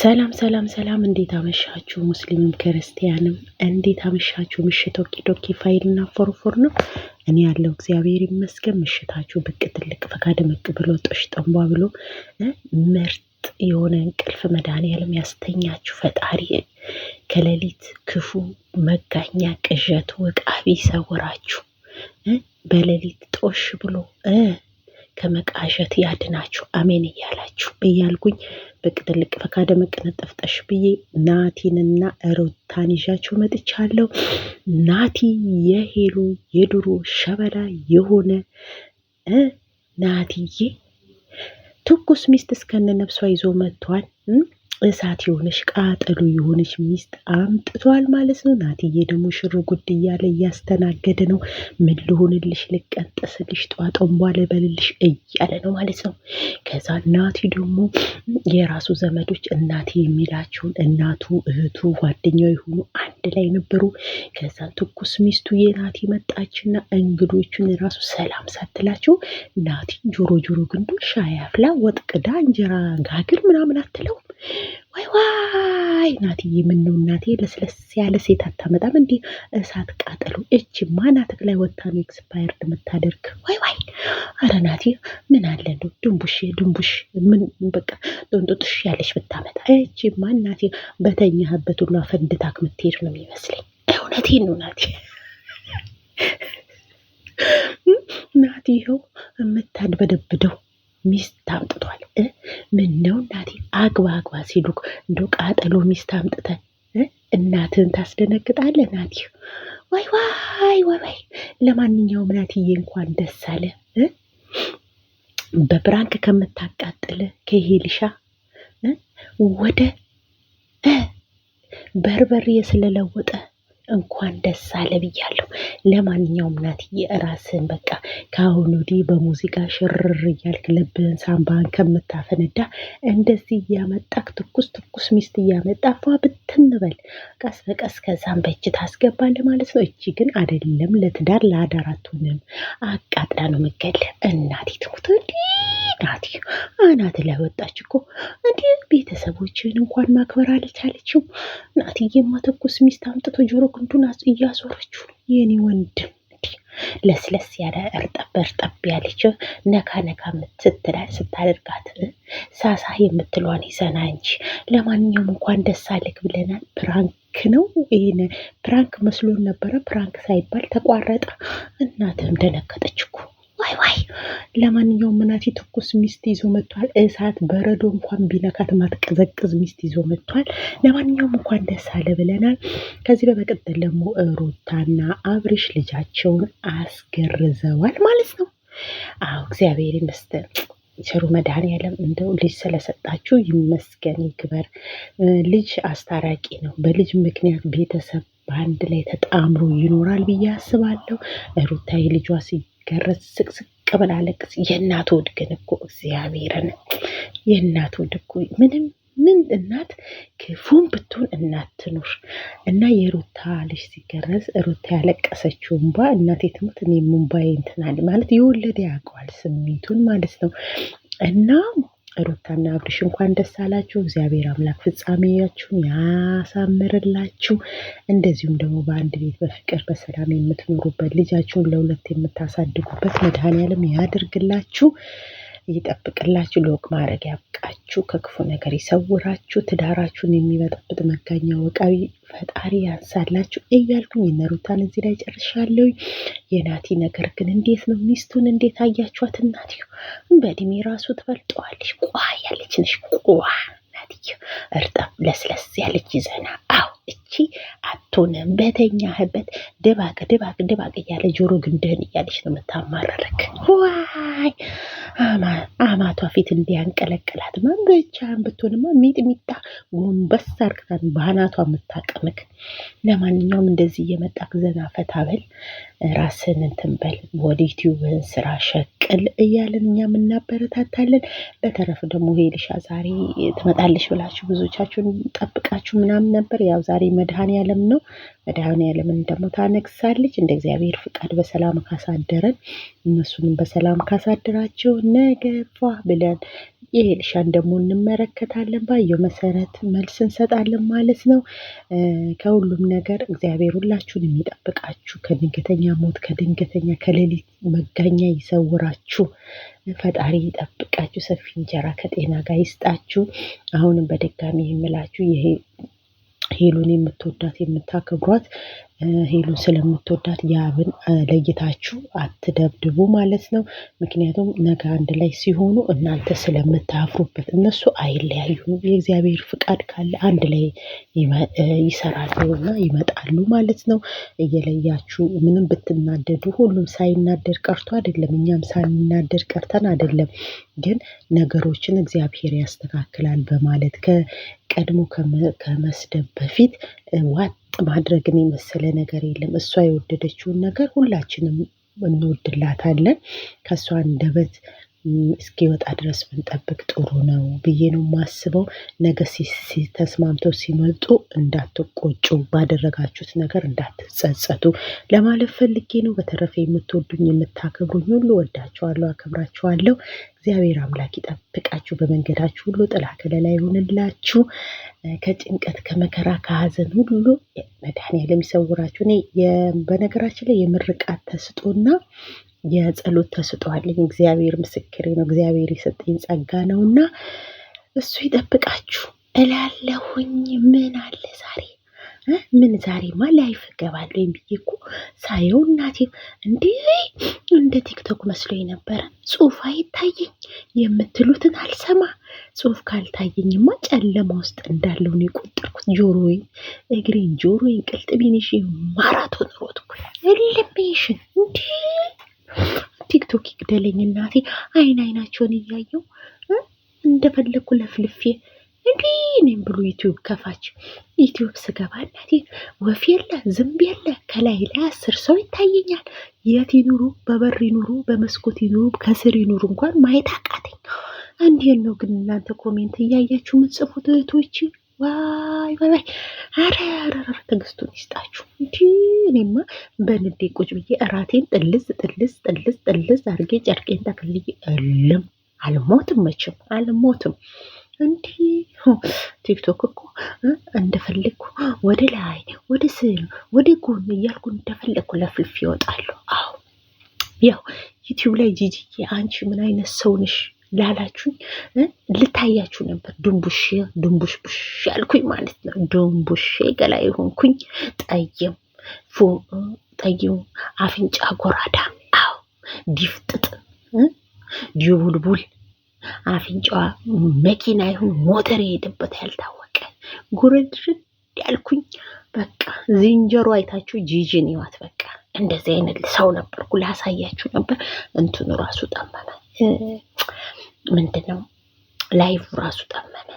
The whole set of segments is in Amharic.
ሰላም ሰላም ሰላም፣ እንዴት አመሻችሁ? ሙስሊምም ክርስቲያንም እንዴት አመሻችሁ? ምሽት ዶኪ ፋይል ፋይልና ፎርፎር ነው። እኔ ያለው እግዚአብሔር ይመስገን። ምሽታችሁ ብቅ ትልቅ ፈካደ መቅ ብሎ ጦሽ ጠንቧ ብሎ ምርጥ የሆነ እንቅልፍ መድኃኔዓለም ያስተኛችሁ ፈጣሪ ከሌሊት ክፉ መጋኛ፣ ቅዠት፣ ወቃቢ ይሰውራችሁ በሌሊት ጦሽ ብሎ ከመቃሸት ያድናችሁ አሜን እያላችሁ እያልኩኝ ብቅ ፈካደ መቅነጠፍጠሽ ብዬ ናቲንና ሩታን ይዣቸው መጥቻለሁ። ናቲ የሄሉ የድሮ ሸበላ የሆነ ናቲዬ ትኩስ ሚስት እስከነ ነፍሷ ይዞ መጥቷል። እሳት የሆነች ቃጠሎ የሆነች ሚስት አምጥቷል ማለት ነው። ናትዬ ደግሞ ሽሮ ጉድ እያለ እያስተናገደ ነው። ምን ልሆንልሽ፣ ጧጦም ጧጠንቧ በልልሽ እያለ ነው ማለት ነው። ከዛ ናቲ ደግሞ የራሱ ዘመዶች እናቴ የሚላቸውን እናቱ፣ እህቱ፣ ጓደኛው የሆኑ አንድ ላይ ነበሩ። ከዛ ትኩስ ሚስቱ የናቲ መጣችና እንግዶቹን የራሱ ሰላም ሳትላቸው ናቲ ጆሮ ጆሮ ግንዱ ሻይ አፍላ እንጀራ ጋግር ምናምን አትለው ወይ ዋይ እናትዬ፣ ምነው እናቴ ለስለስ ያለ ሴት አታመጣም? እንዲህ እሳት ቃጠሎ እች ማናትክ ላይ ወታ ነው ኤክስፓየርድ የምታደርግ? ወይ ዋይ! አረ እናቴ ምን አለ ነው ድንቡሽ ድንቡሽ ምን በቃ ዶንጦጥሽ ያለች ብታመጣ። እች ማናቴ በተኛህበት ሁሉ ፈንድታክ ምትሄድ ነው የሚመስለኝ። እውነቴን ነው እናቴ ናቲ ይኸው የምታድበደብደው ሚስት ታምጥቷል። ምን ነው እናቴ አግባ አግባ ሲሉ እንደ ቃጠሎ ሚስት አምጥተ እናትን ታስደነግጣለ ናቴ ዋይ ዋይ ወይ! ለማንኛውም ናትዬ እንኳን ደስ አለ በብራንክ ከምታቃጥል ከሄልሻ ወደ በርበሬ ስለለወጠ እንኳን ደስ አለ ብያለሁ። ለማንኛውም ናትዬ ራስን በቃ ከአሁን ወዲህ በሙዚቃ ሽርር እያልክ ልብን ሳምባን ከምታፈነዳ እንደዚህ እያመጣክ ትኩስ ትኩስ ሚስት እያመጣ ፏ ብትንበል ቀስ በቀስ ከዛም በእጅ ታስገባለህ ማለት ነው። እጅ ግን አደለም ለትዳር ለአዳራቱንም አትሆንም። አቃጥላ ነው ምገል እናቴ ትሙት እንዲህ ናት አናት ላይ ወጣች እኮ እንዲህ ቤተሰቦችን እንኳን ማክበር አልቻለችው። ናትዬማ ትኩስ ሚስት አምጥቶ ጆሮ ግንዱን እያዞረችው የኔ ወንድም ለስለስ ያለ እርጠብ እርጠብ ያለችው ነካ ነካ ስታደርጋት ሳሳ የምትሏን ይዘና እንጂ። ለማንኛውም እንኳን ደስ አለህ ብለናል። ፕራንክ ነው ይህን ፕራንክ መስሎን ነበረ። ፕራንክ ሳይባል ተቋረጠ። እናትም ደነገጠች እኮ ዋይ ዋይ። ለማንኛውም ምናሴ ትኩስ ሚስት ይዞ መጥቷል። እሳት በረዶ እንኳን ቢነካት ማትቀዘቅዝ ሚስት ይዞ መጥቷል። ለማንኛውም እንኳን ደስ አለ ብለናል። ከዚህ በመቀጠል ደግሞ ሩታና አብርሽ ልጃቸውን አስገርዘዋል ማለት ነው። አዎ እግዚአብሔር ይመስገን። ቸሩ መድኃኔዓለም እንደው ልጅ ስለሰጣችሁ ይመስገን ይክበር። ልጅ አስታራቂ ነው። በልጅ ምክንያት ቤተሰብ በአንድ ላይ ተጣምሮ ይኖራል ብዬ አስባለሁ። ሩታ ልጇ ሲ ስትገረዝ ስቅስቅ ብላ ለቅስ። የእናት ሆድ ግን እኮ እግዚአብሔርን የእናት ሆድ እኮ ምንም ምን እናት ክፉን ብትሆን እናት ትኑር እና የሩታ ልጅ ሲገረዝ ሩታ ያለቀሰችው እንባ እናቴ ትሙት እኔም እንባዬ እንትናል ማለት የወለደ ያውቀዋል ስሜቱን ማለት ነው እና ሩታና አብርሽ እንኳን ደስ አላችሁ። እግዚአብሔር አምላክ ፍጻሜያችሁን ያሳምርላችሁ። እንደዚሁም ደግሞ በአንድ ቤት በፍቅር በሰላም የምትኖሩበት ልጃችሁን ለሁለት የምታሳድጉበት መድኃኔዓለም ያድርግላችሁ። ይጠብቅላችሁ፣ ለወግ ማድረግ ያብቃችሁ፣ ከክፉ ነገር ይሰውራችሁ፣ ትዳራችሁን የሚበጠብጥ መጋኛ ወቃቢ ፈጣሪ ያንሳላችሁ እያልኩኝ እነሩታን እዚህ ላይ ጨርሻለሁ። የናቲ ነገር ግን እንዴት ነው? ሚስቱን እንዴት አያችኋት? እናትዮ በእድሜ ራሱ ትበልጠዋለች። ቋ ያለች ነሽ፣ ቋ ናትዮ፣ እርጠብ ለስለስ ያለች ይዘና አው እቺ አቶንም በተኛህበት ድባቅ ድባቅ ድባቅ እያለ ጆሮ ግንድህን እያለች ነው የምታማረረክ። ዋይ አማቷ ፊት እንዲያንቀለቅላት ማን ብቻህን ብትሆንማ ሚጥሚጣ ጎንበስ አርግታን በአናቷ የምታቀምክ። ለማንኛውም እንደዚህ እየመጣክ ዘና ፈታ በል ራስን እንትን በል ወደ ዩቲዩብን ስራ ሸቅል እያለን እኛም እናበረታታለን። በተረፍ ደግሞ ሄልሻ ዛሬ ትመጣለች ብላችሁ ብዙዎቻችሁን ጠብቃችሁ ምናምን ነበር። ያው ዛሬ መድኃኔዓለም ነው። መድኃኔዓለምን ደግሞ ታነግሳለች። እንደ እግዚአብሔር ፍቃድ በሰላም ካሳደረን እነሱንም በሰላም ካሳደራቸው ነገ ፏ ብለን ይህ እርሻን ደግሞ እንመለከታለን። ባየው መሰረት መልስ እንሰጣለን ማለት ነው። ከሁሉም ነገር እግዚአብሔር ሁላችሁን የሚጠብቃችሁ ከድንገተኛ ሞት፣ ከድንገተኛ ከሌሊት መጋኛ ይሰውራችሁ። ፈጣሪ ይጠብቃችሁ። ሰፊ እንጀራ ከጤና ጋር ይስጣችሁ። አሁንም በድጋሚ የምላችሁ ይሄ ሄሉን የምትወዳት የምታከብሯት ሄሉን ስለምትወዳት ያብን ለይታችሁ አትደብድቡ ማለት ነው። ምክንያቱም ነገ አንድ ላይ ሲሆኑ እናንተ ስለምታፍሩበት እነሱ አይለያዩም። የእግዚአብሔር ፍቃድ ካለ አንድ ላይ ይሰራሉ እና ይመጣሉ ማለት ነው። እየለያችሁ ምንም ብትናደዱ ሁሉም ሳይናደድ ቀርቶ አይደለም፣ እኛም ሳንናደድ ቀርተን አይደለም። ግን ነገሮችን እግዚአብሔር ያስተካክላል በማለት ከቀድሞ ከመስደብ በፊት ዋት ማድረግን የመሰለ ነገር የለም። እሷ የወደደችውን ነገር ሁላችንም እንወድላታለን። ከእሷ አንደበት እስኪወጣ ድረስ ብንጠብቅ ጥሩ ነው ብዬ ነው የማስበው። ነገ ተስማምተው ሲመጡ እንዳትቆጩ፣ ባደረጋችሁት ነገር እንዳትጸጸቱ ለማለት ፈልጌ ነው። በተረፈ የምትወዱኝ የምታከብሩኝ ሁሉ ወዳችኋለሁ፣ አከብራችኋለሁ። እግዚአብሔር አምላክ ይጠብቃችሁ፣ በመንገዳችሁ ሁሉ ጥላ ከለላ ይሁንላችሁ፣ ከጭንቀት ከመከራ ከሀዘን ሁሉ መድኃኔዓለም ይሰውራችሁ። እኔ በነገራችን ላይ የምርቃት ተስጦና የጸሎት ተስጦ አለኝ። እግዚአብሔር ምስክሬ ነው። እግዚአብሔር የሰጠኝ ጸጋ ነውና እሱ ይጠብቃችሁ እላለሁኝ። ምን አለ ዛሬ ምን ዛሬማ ላይፍ እገባለሁ ብዬ እኮ ሳየው እናቴ እንዴ እንደ ቲክቶክ መስሎኝ ነበረ። ጽሁፍ አይታየኝ የምትሉትን አልሰማ። ጽሁፍ ካልታየኝማ ጨለማ ውስጥ እንዳለው ነው የቆጠርኩት። ጆሮዬን፣ እግሬን፣ ጆሮዬን፣ ቅልጥሜንሽ ማራቶን ሮጥኩ። ልቤሽን እንዴ ቲክቶክ ይግደለኝ እናቴ። አይን አይናቸውን እያየው እንደፈለግኩ ለፍልፌ እንዴ እኔም ብሎ ዩትዩብ ከፋች። ዩቲዩብ ስገባ እናቴ ወፍ የለ ዝንብ የለ ከላይ ላይ አስር ሰው ይታየኛል። የት ይኑሩ፣ በበር ይኑሩ፣ በመስኮት ይኑሩ፣ ከስር ይኑሩ እንኳን ማየት አቃተኝ። እንዴት ነው ግን እናንተ ኮሜንት እያያችሁ የምትጽፉት እህቶች? ዋይ በላይ አረ አረ ትዕግስቱን ይስጣችሁ። እንዲ እኔማ በንዴ ቁጭ ብዬ እራቴን ጥልዝ ጥልዝ ጥልዝ ጥልዝ አድርጌ ጨርቄን ጠቅልዬ እልም አልሞትም፣ መቼም አልሞትም። እንዲህ ቲክቶክ እኮ እንደፈለግኩ ወደ ላይ ወደ ስር ወደ ጎን እያልኩ እንደፈለግኩ ለፍልፍ ይወጣሉ። አዎ ያው ዩቲዩብ ላይ ጂጂዬ አንቺ ምን አይነት ሰው ነሽ ላላችሁኝ ልታያችሁ ነበር። ድንቡሼ ድንቡሽ ቡሽ ያልኩኝ ማለት ነው። ድንቡሼ ገላ የሆንኩኝ ጠይም ጠይም አፍንጫ ጎራዳ፣ አዎ ዲፍጥጥ ዲቡልቡል አፍንጫዋ መኪና ይሁን ሞተር የሄደበት ያልታወቀ ጉርድርድ ያልኩኝ በቃ ዝንጀሮ አይታችሁ ጂጂን ይዋት። በቃ እንደዚህ አይነት ሰው ነበርኩ። ላሳያችሁ ነበር። እንትኑ ራሱ ጠመመ። ምንድን ነው ላይቭ ራሱ ጠመመ።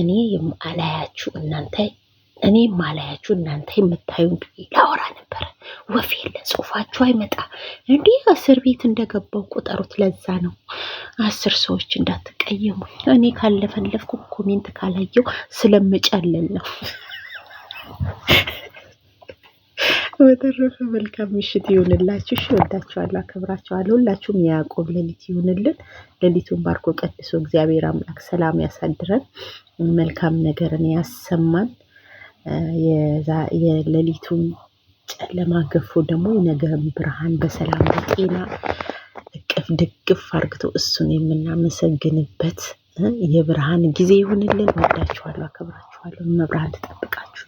እኔ አላያችሁ እናንተ እኔ ማላያችሁ እናንተ የምታዩ ላወራ ነበረ። ወፍ የለ ጽሁፋችሁ አይመጣ እንዲህ እስር ቤት እንደገባው ቁጠሩት። ለዛ ነው አስር ሰዎች እንዳትቀየሙ። እኔ ካለፈለፍኩ ኮሜንት ካላየው ስለምጨልል ነው። በተረፈ መልካም ምሽት ይሁንላችሁ። እሺ፣ ወዳችኋለሁ፣ አከብራችኋለሁ። ሁላችሁም የያዕቆብ ሌሊት ይሁንልን። ሌሊቱን ባርኮ ቀድሶ እግዚአብሔር አምላክ ሰላም ያሳድረን፣ መልካም ነገርን ያሰማን። የሌሊቱን ጨለማ ገፎ ደግሞ የነገን ብርሃን በሰላም በጤና እቅፍ ድግፍ አርግቶ እሱን የምናመሰግንበት የብርሃን ጊዜ ይሁንልን። ወዳችኋለሁ፣ አከብራችኋለሁ። መብርሃን ትጠብቃችሁ።